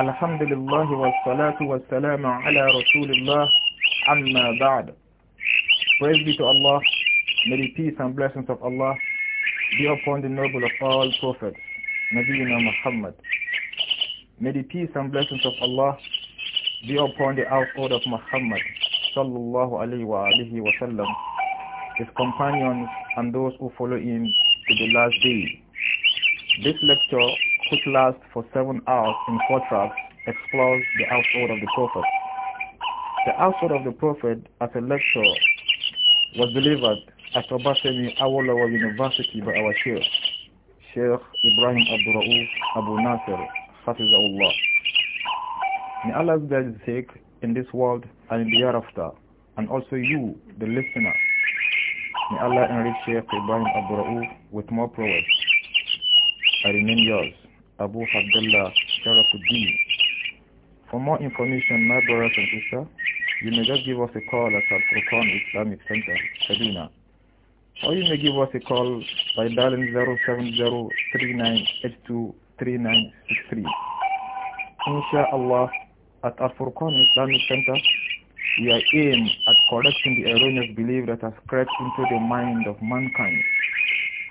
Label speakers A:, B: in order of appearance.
A: الحمد لله والصلاة والسلام على رسول الله أما بعد Praise be to Allah May the peace and blessings of Allah be upon the noble of all prophets Nabiina Muhammad May the peace and blessings of Allah be upon the household of Muhammad sallallahu alayhi wa alihi wa sallam his companions and those who follow him to the last day. This lecture which lasts for seven hours in contrast, explores the household of the Prophet. The household of the Prophet as a lecture was delivered at Obasemi Awolowo University by our Sheikh, Sheikh Ibrahim Abdurrauf Abu Nasser, Hafizahullah. May Allah's guidance sake in this world and in the hereafter, and also you, the listener. May Allah enrich Sheikh Ibrahim Abdurrauf with more prowess. I remain yours. Abu Abdullah Sharafuddin. For more information, my brothers and sisters, you may just give us a call at Al Furqan Islamic Center, Kaduna. Or you may give us a call by dialing 07039823963. Insha'Allah, at Al Furqan Islamic Center, we are aimed at correcting the erroneous belief that has crept into the mind of mankind